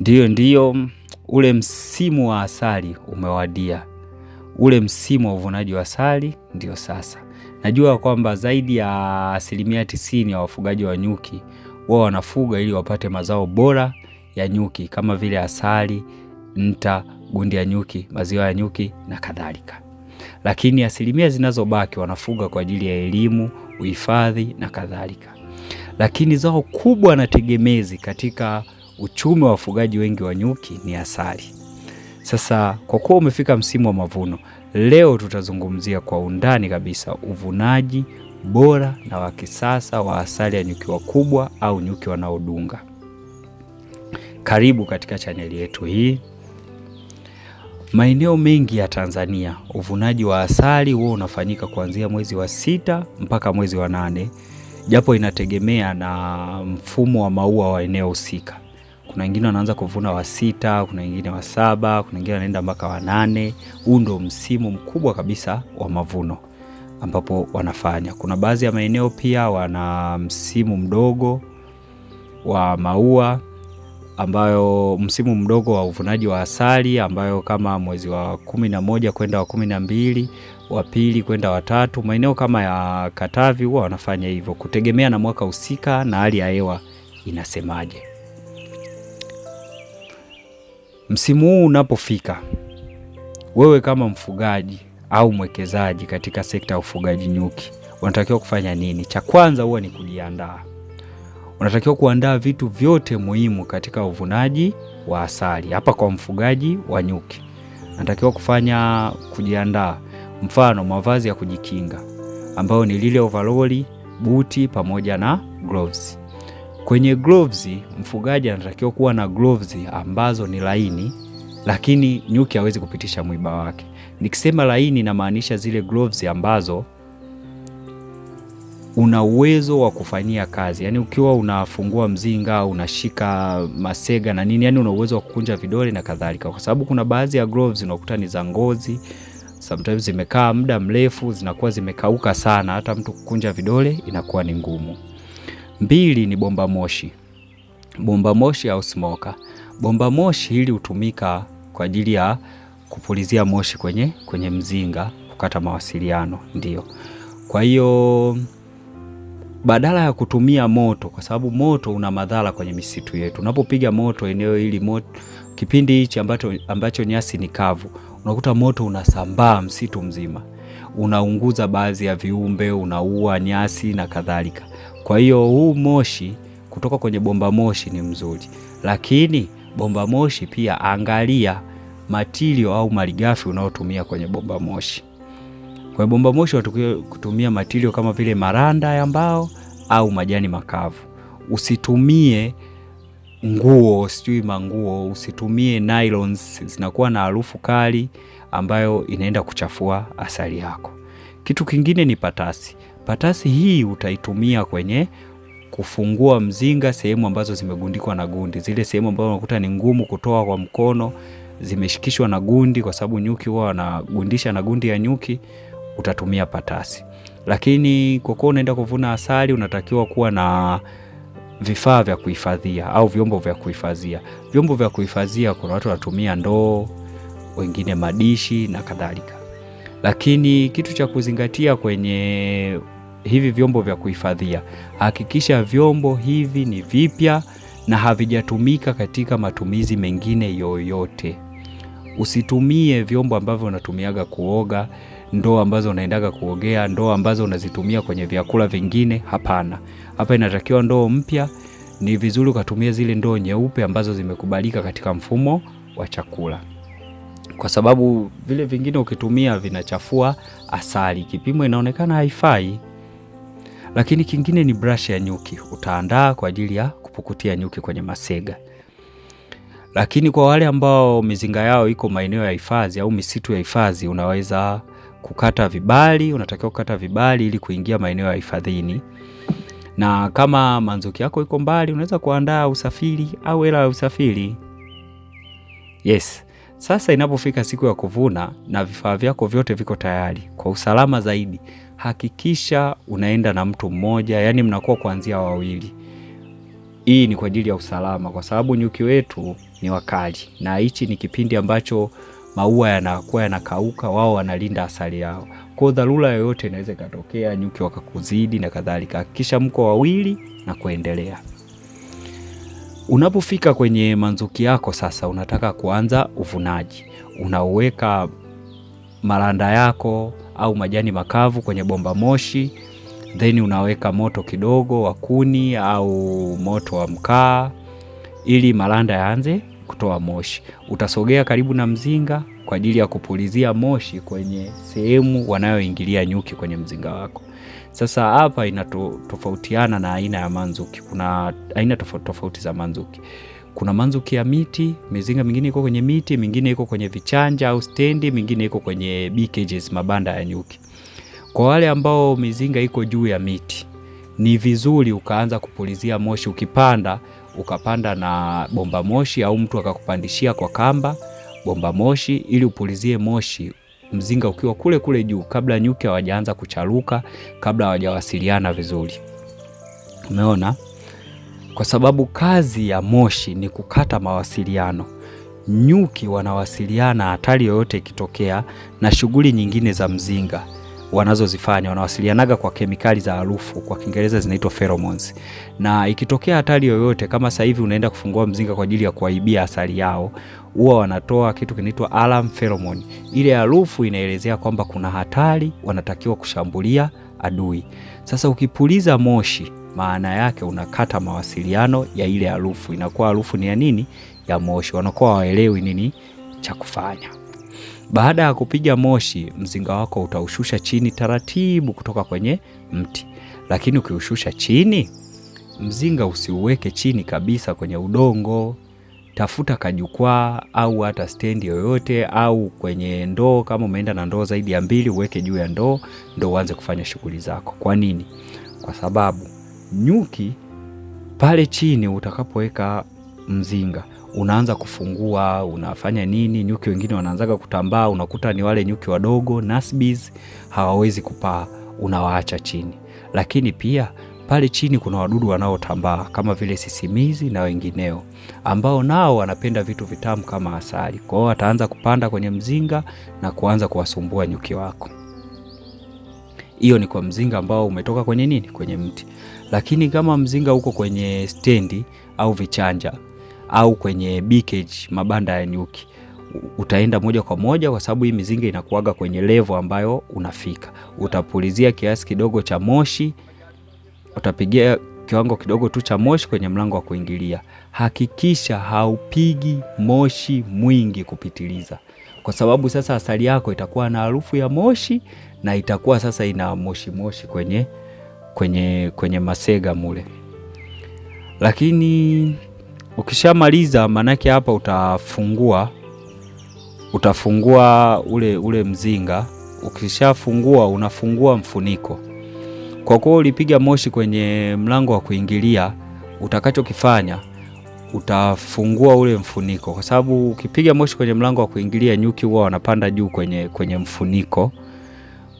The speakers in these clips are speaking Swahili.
Ndiyo, ndiyo, ule msimu wa asali umewadia, ule msimu wa uvunaji wa asali ndio sasa. Najua kwamba zaidi ya asilimia tisini ya wafugaji wa nyuki wao wanafuga ili wapate mazao bora ya nyuki kama vile asali, nta, gundi ya nyuki, maziwa ya nyuki na kadhalika, lakini asilimia zinazobaki wanafuga kwa ajili ya elimu, uhifadhi na kadhalika, lakini zao kubwa na tegemezi katika uchumi wa wafugaji wengi wa nyuki ni asali. Sasa kwa kuwa umefika msimu wa mavuno, leo tutazungumzia kwa undani kabisa uvunaji bora na wa kisasa wa asali ya nyuki wakubwa au nyuki wanaodunga. Karibu katika chaneli yetu hii. Maeneo mengi ya Tanzania uvunaji wa asali huo unafanyika kuanzia mwezi wa sita mpaka mwezi wa nane, japo inategemea na mfumo wa maua wa eneo husika kuna wengine wanaanza kuvuna wa sita, kuna wengine wa saba, kuna wengine wanaenda mpaka wa nane. Huu ndio msimu mkubwa kabisa wa mavuno ambapo wanafanya. Kuna baadhi ya maeneo pia wana msimu mdogo wa maua ambayo msimu mdogo wa uvunaji wa asali ambayo kama mwezi wa kumi na moja kwenda wa kumi na mbili wa pili kwenda wa tatu. Maeneo kama ya Katavi huwa wanafanya hivyo kutegemea na mwaka husika na hali ya hewa inasemaje. Msimu huu unapofika, wewe kama mfugaji au mwekezaji katika sekta ya ufugaji nyuki unatakiwa kufanya nini? Cha kwanza huwa ni kujiandaa. Unatakiwa kuandaa vitu vyote muhimu katika uvunaji wa asali. Hapa kwa mfugaji wa nyuki natakiwa kufanya kujiandaa, mfano mavazi ya kujikinga ambayo ni lile ovaroli, buti pamoja na gloves. Kwenye gloves, mfugaji anatakiwa kuwa na gloves ambazo ni laini, lakini nyuki hawezi kupitisha mwiba wake. Nikisema laini, namaanisha zile gloves ambazo una uwezo wa kufanyia kazi, yaani ukiwa unafungua mzinga, unashika masega na nini, yaani una uwezo wa kukunja vidole na kadhalika, kwa sababu kuna baadhi ya gloves unakuta ni za ngozi sometimes zimekaa muda mrefu, zinakuwa zimekauka sana, hata mtu kukunja vidole inakuwa ni ngumu. Mbili ni bomba moshi, bomba moshi au smoker. Bomba moshi hili hutumika kwa ajili ya kupulizia moshi kwenye, kwenye mzinga kukata mawasiliano, ndio. Kwa hiyo badala ya kutumia moto, kwa sababu moto una madhara kwenye misitu yetu. Unapopiga moto eneo hili moto, kipindi hichi ambacho, ambacho nyasi ni kavu, unakuta moto unasambaa msitu mzima unaunguza baadhi ya viumbe, unaua nyasi na kadhalika. Kwa hiyo huu moshi kutoka kwenye bomba moshi ni mzuri, lakini bomba moshi pia angalia matilio au malighafi unaotumia kwenye bomba moshi. Kwenye bomba moshi watakiwa kutumia matilio kama vile maranda ya mbao au majani makavu. Usitumie nguo, sijui manguo, usitumie nylons, zinakuwa na harufu kali ambayo inaenda kuchafua asali yako. Kitu kingine ni patasi. Patasi hii utaitumia kwenye kufungua mzinga, sehemu ambazo zimegundikwa na gundi, zile sehemu ambazo unakuta ni ngumu kutoa kwa mkono, zimeshikishwa na gundi, kwa sababu nyuki huwa wanagundisha na gundi ya nyuki, utatumia patasi. Lakini kwa kuwa unaenda kuvuna asali, unatakiwa kuwa na vifaa vya kuhifadhia au vyombo vya kuhifadhia. Vyombo vya kuhifadhia, kuna watu wanatumia ndoo wengine madishi na kadhalika. Lakini kitu cha kuzingatia kwenye hivi vyombo vya kuhifadhia, hakikisha vyombo hivi ni vipya na havijatumika katika matumizi mengine yoyote. Usitumie vyombo ambavyo unatumiaga kuoga, ndoo ambazo unaendaga kuogea, ndoo ambazo unazitumia kwenye vyakula vingine. Hapana, hapa inatakiwa ndoo mpya. Ni vizuri ukatumia zile ndoo nyeupe ambazo zimekubalika katika mfumo wa chakula kwa sababu vile vingine ukitumia vinachafua asali, kipimo inaonekana haifai. Lakini kingine ni brashi ya nyuki, utaandaa kwa ajili ya kupukutia nyuki kwenye masega. Lakini kwa wale ambao mizinga yao iko maeneo ya hifadhi au misitu ya hifadhi, unaweza kukata vibali, unatakiwa kukata vibali ili kuingia maeneo ya hifadhini. Na kama manzuki yako iko mbali, unaweza kuandaa usafiri au hela ya usafiri. Yes. Sasa inapofika siku ya kuvuna na vifaa vyako vyote viko tayari, kwa usalama zaidi hakikisha unaenda na mtu mmoja, yaani mnakuwa kuanzia wawili. Hii ni kwa ajili ya usalama, kwa sababu nyuki wetu ni wakali, na hichi ni kipindi ambacho maua yanakuwa yanakauka, wao wanalinda asali yao. Kwa dharura yoyote inaweza ikatokea, nyuki wakakuzidi na kadhalika. Hakikisha mko wawili na kuendelea. Unapofika kwenye manzuki yako sasa, unataka kuanza uvunaji, unaweka maranda yako au majani makavu kwenye bomba moshi, then unaweka moto kidogo wa kuni au moto wa mkaa ili maranda yaanze kutoa moshi. Utasogea karibu na mzinga kwa ajili ya kupulizia moshi kwenye sehemu wanayoingilia nyuki kwenye mzinga wako. Sasa hapa inatofautiana na aina ya manzuki. Kuna aina tofauti tofauti za manzuki. Kuna manzuki ya miti, mizinga mingine iko kwenye miti, mingine iko kwenye vichanja au stendi, mingine iko kwenye bee cages, mabanda ya nyuki. Kwa wale ambao mizinga iko juu ya miti, ni vizuri ukaanza kupulizia moshi ukipanda, ukapanda na bomba moshi au mtu akakupandishia kwa kamba bomba moshi, ili upulizie moshi mzinga ukiwa kule kule juu, kabla nyuki hawajaanza kucharuka, kabla hawajawasiliana vizuri. Umeona, kwa sababu kazi ya moshi ni kukata mawasiliano. Nyuki wanawasiliana hatari yoyote ikitokea na shughuli nyingine za mzinga wanazozifanya wanawasilianaga kwa kemikali za harufu, kwa Kiingereza zinaitwa pheromones. Na ikitokea hatari yoyote, kama sasa hivi unaenda kufungua mzinga kwa ajili ya kuaibia asali yao, huwa wanatoa kitu kinaitwa alarm pheromone. Ile harufu inaelezea kwamba kuna hatari, wanatakiwa kushambulia adui. Sasa ukipuliza moshi, maana yake unakata mawasiliano ya ile harufu, inakuwa harufu ni ya nini? Ya moshi. Wanakuwa waelewi nini cha kufanya. Baada ya kupiga moshi, mzinga wako utaushusha chini taratibu kutoka kwenye mti. Lakini ukiushusha chini, mzinga usiuweke chini kabisa kwenye udongo. Tafuta kajukwaa au hata stendi yoyote au kwenye ndoo. Kama umeenda na ndoo zaidi ya mbili, uweke juu ya ndoo, ndo uanze kufanya shughuli zako. Kwa nini? Kwa sababu nyuki pale chini utakapoweka mzinga unaanza kufungua, unafanya nini, nyuki wengine wanaanzaga kutambaa, unakuta ni wale nyuki wadogo nasbees, hawawezi kupaa, unawaacha chini. Lakini pia pale chini kuna wadudu wanaotambaa kama vile sisimizi na wengineo, ambao nao wanapenda vitu vitamu kama asali. Kwa hiyo wataanza kupanda kwenye mzinga na kuanza kuwasumbua nyuki wako. Hiyo ni kwa mzinga ambao umetoka kwenye nini, kwenye mti. Lakini kama mzinga uko kwenye stendi au vichanja au kwenye bee mabanda ya nyuki utaenda moja kwa moja kwa sababu hii mizinga inakuaga kwenye levo ambayo unafika. Utapulizia kiasi kidogo cha moshi, utapigia kiwango kidogo tu cha moshi kwenye mlango wa kuingilia. Hakikisha haupigi moshi mwingi kupitiliza, kwa sababu sasa asali yako itakuwa na harufu ya moshi na itakuwa sasa ina moshi moshi kwenye, kwenye, kwenye masega mule, lakini Ukishamaliza maanake hapa utafungua, utafungua ule, ule mzinga. Ukishafungua unafungua mfuniko. Kwa kuwa ulipiga moshi kwenye mlango wa kuingilia, utakachokifanya utafungua ule mfuniko, kwa sababu ukipiga moshi kwenye mlango wa kuingilia, nyuki huwa wanapanda juu kwenye, kwenye mfuniko.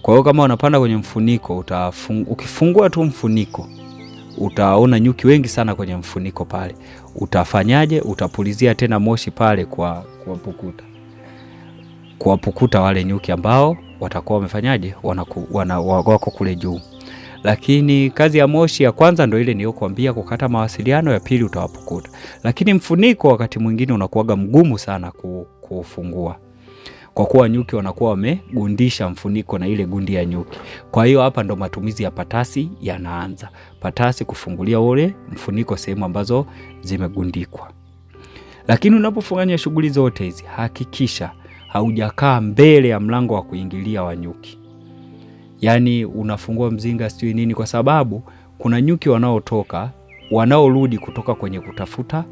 Kwa hiyo kama wanapanda kwenye mfuniko utafung... ukifungua tu mfuniko utaona nyuki wengi sana kwenye mfuniko pale utafanyaje? Utapulizia tena moshi pale kwa kuwapukuta, kuwapukuta wale nyuki ambao watakuwa wamefanyaje, wako kule juu. Lakini kazi ya moshi ya kwanza ndo ile niliyokuambia, kukata mawasiliano. Ya pili utawapukuta, lakini mfuniko wakati mwingine unakuwaga mgumu sana kufungua kwa kuwa nyuki wanakuwa wamegundisha mfuniko na ile gundi ya nyuki. Kwa hiyo hapa ndo matumizi ya patasi yanaanza, patasi kufungulia ule mfuniko sehemu ambazo zimegundikwa. Lakini unapofanya shughuli zote hizi, hakikisha haujakaa mbele ya mlango wa kuingilia wa nyuki, yaani unafungua mzinga sijui nini, kwa sababu kuna nyuki wanaotoka wanaorudi kutoka kwenye kutafuta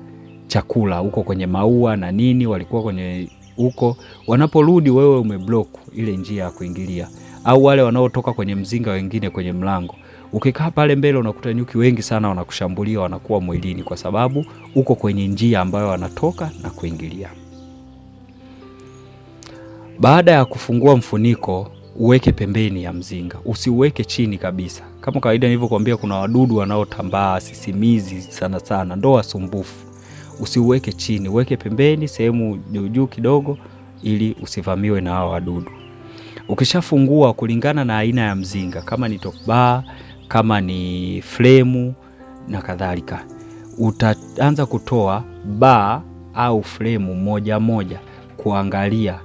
chakula huko kwenye maua na nini, walikuwa kwenye huko, wanaporudi wewe umeblock ile njia ya kuingilia, au wale wanaotoka kwenye mzinga wengine kwenye mlango. Ukikaa pale mbele, unakuta nyuki wengi sana wanakushambulia, wanakuwa mwilini, kwa sababu uko kwenye njia ambayo wanatoka na kuingilia. Baada ya kufungua mfuniko uweke pembeni ya mzinga, usiuweke chini kabisa. Kama kawaida nilivyokuambia, kuna wadudu wanaotambaa, sisimizi sana sana, ndo wasumbufu usiuweke chini, uweke pembeni sehemu juujuu kidogo, ili usivamiwe na hao wadudu. Ukishafungua kulingana na aina ya mzinga, kama ni top bar, kama ni fremu na kadhalika, utaanza kutoa ba au fremu moja moja kuangalia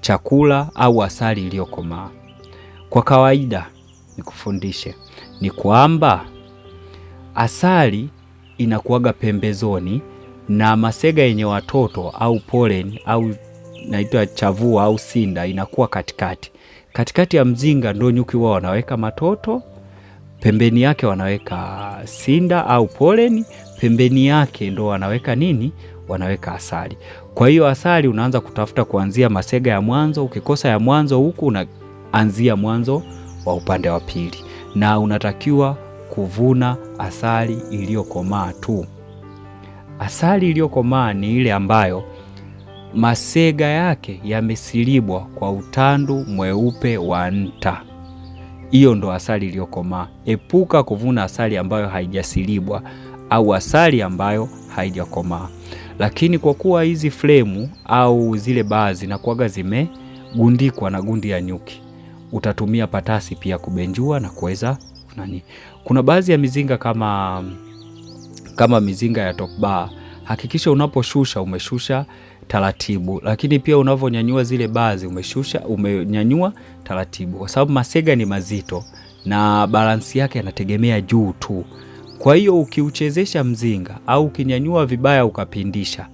chakula au asali iliyokomaa. Kwa kawaida, nikufundishe ni kwamba asali inakuwaga pembezoni na masega yenye watoto au pollen au naitwa chavua au sinda inakuwa katikati. Katikati ya mzinga ndio nyuki wao wanaweka matoto, pembeni yake wanaweka sinda au pollen, pembeni yake ndo wanaweka nini? Wanaweka asali. Kwa hiyo asali unaanza kutafuta kuanzia masega ya mwanzo, ukikosa ya mwanzo huku unaanzia mwanzo wa upande wa pili, na unatakiwa kuvuna asali iliyokomaa tu. Asali iliyokomaa ni ile ambayo masega yake yamesilibwa kwa utandu mweupe wa nta. Hiyo ndo asali iliyokomaa. Epuka kuvuna asali ambayo haijasilibwa au asali ambayo haijakomaa. Lakini kwa kuwa hizi flemu au zile baa zinakuwaga zimegundikwa na gundi ya nyuki, utatumia patasi pia kubenjua na kuweza nani. Kuna baadhi ya mizinga kama, kama mizinga ya top bar, hakikisha unaposhusha umeshusha taratibu, lakini pia unavyonyanyua zile bazi umeshusha umenyanyua taratibu, kwa sababu masega ni mazito na balansi yake yanategemea juu tu. Kwa hiyo ukiuchezesha mzinga au ukinyanyua vibaya ukapindisha,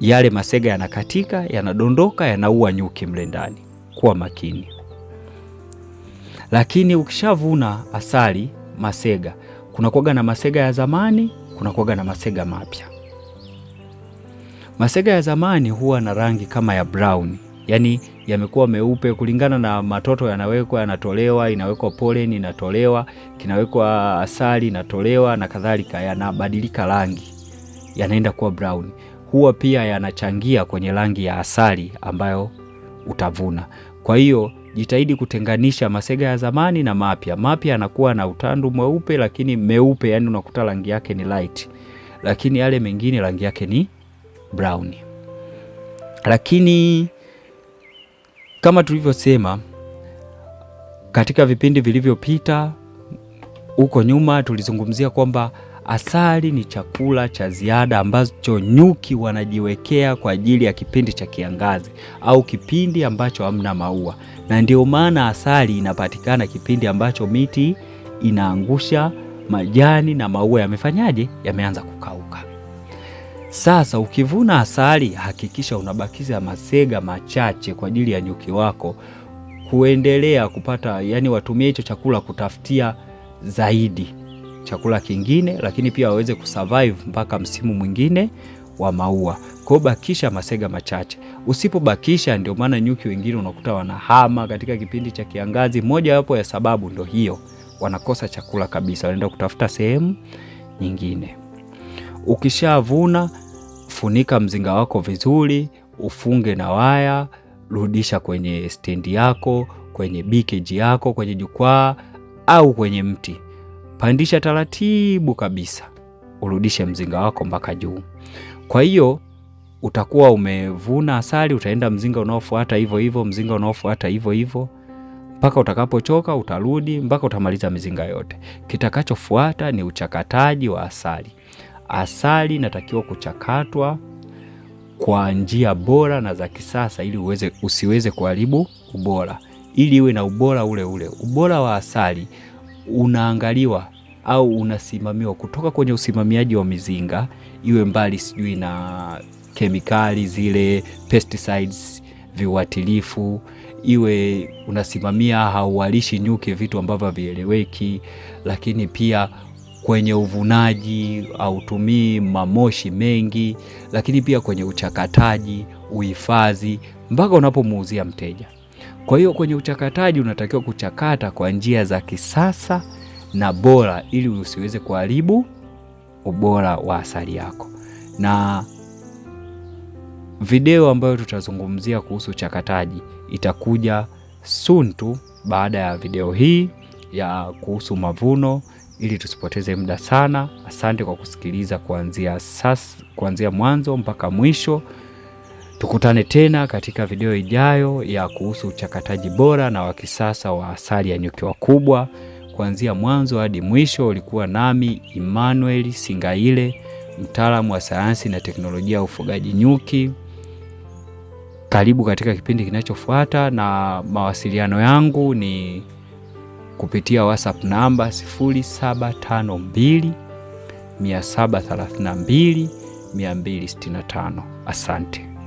yale masega yanakatika, yanadondoka, yanaua nyuki mle ndani. Kuwa makini. Lakini ukishavuna asali masega, kuna na masega ya zamani, kuna na masega mapya. Masega ya zamani huwa na rangi kama ya brown, yaani yamekuwa meupe kulingana na matoto yanawekwa, yanatolewa, inawekwa pollen inatolewa, kinawekwa asali inatolewa na kadhalika, yanabadilika rangi, yanaenda kuwa brown. Huwa pia yanachangia kwenye rangi ya asali ambayo utavuna. Kwa hiyo jitahidi kutenganisha masega ya zamani na mapya. Mapya yanakuwa na utandu mweupe, lakini meupe, yani unakuta rangi yake ni light, lakini yale mengine rangi yake ni brown. Lakini kama tulivyosema katika vipindi vilivyopita huko nyuma, tulizungumzia kwamba Asali ni chakula cha ziada ambacho nyuki wanajiwekea kwa ajili ya kipindi cha kiangazi au kipindi ambacho hamna maua, na ndio maana asali inapatikana kipindi ambacho miti inaangusha majani na maua yamefanyaje, yameanza kukauka. Sasa ukivuna asali, hakikisha unabakiza masega machache kwa ajili ya nyuki wako kuendelea kupata, yani watumie hicho chakula kutafutia zaidi chakula kingine, lakini pia waweze kusurvive mpaka msimu mwingine wa maua. Kwa hiyo bakisha masega machache. Usipobakisha, ndio maana nyuki wengine unakuta wanahama katika kipindi cha kiangazi. Moja wapo ya sababu ndio hiyo, wanakosa chakula kabisa, wanaenda kutafuta sehemu nyingine. Ukishavuna, funika mzinga wako vizuri, ufunge na waya, rudisha kwenye stendi yako, kwenye bikeji yako, kwenye jukwaa au kwenye mti. Pandisha taratibu kabisa, urudishe mzinga wako mpaka juu. Kwa hiyo utakuwa umevuna asali, utaenda mzinga unaofuata hivyo hivyo, mzinga unaofuata hivyo hivyo mpaka utakapochoka, utarudi mpaka utamaliza mizinga yote. Kitakachofuata ni uchakataji wa asali. Asali inatakiwa kuchakatwa kwa njia bora na za kisasa, ili uweze usiweze kuharibu ubora, ili iwe na ubora ule ule. Ubora wa asali unaangaliwa au unasimamiwa kutoka kwenye usimamiaji wa mizinga, iwe mbali sijui na kemikali zile pesticides, viuatilifu, iwe unasimamia hauwalishi nyuki vitu ambavyo havieleweki, lakini pia kwenye uvunaji hautumii mamoshi mengi, lakini pia kwenye uchakataji, uhifadhi mpaka unapomuuzia mteja. Kwa hiyo kwenye uchakataji unatakiwa kuchakata kwa njia za kisasa na bora, ili usiweze kuharibu ubora wa asali yako. Na video ambayo tutazungumzia kuhusu uchakataji itakuja soon tu baada ya video hii ya kuhusu mavuno, ili tusipoteze muda sana. Asante kwa kusikiliza kuanzia sasa, kuanzia mwanzo mpaka mwisho. Tukutane tena katika video ijayo ya kuhusu uchakataji bora na wa kisasa wa asali ya nyuki wakubwa. Kuanzia mwanzo hadi mwisho, ulikuwa nami Emmanuel Singaile, mtaalamu wa sayansi na teknolojia ya ufugaji nyuki. Karibu katika kipindi kinachofuata, na mawasiliano yangu ni kupitia WhatsApp namba 0752 732 tano. Asante.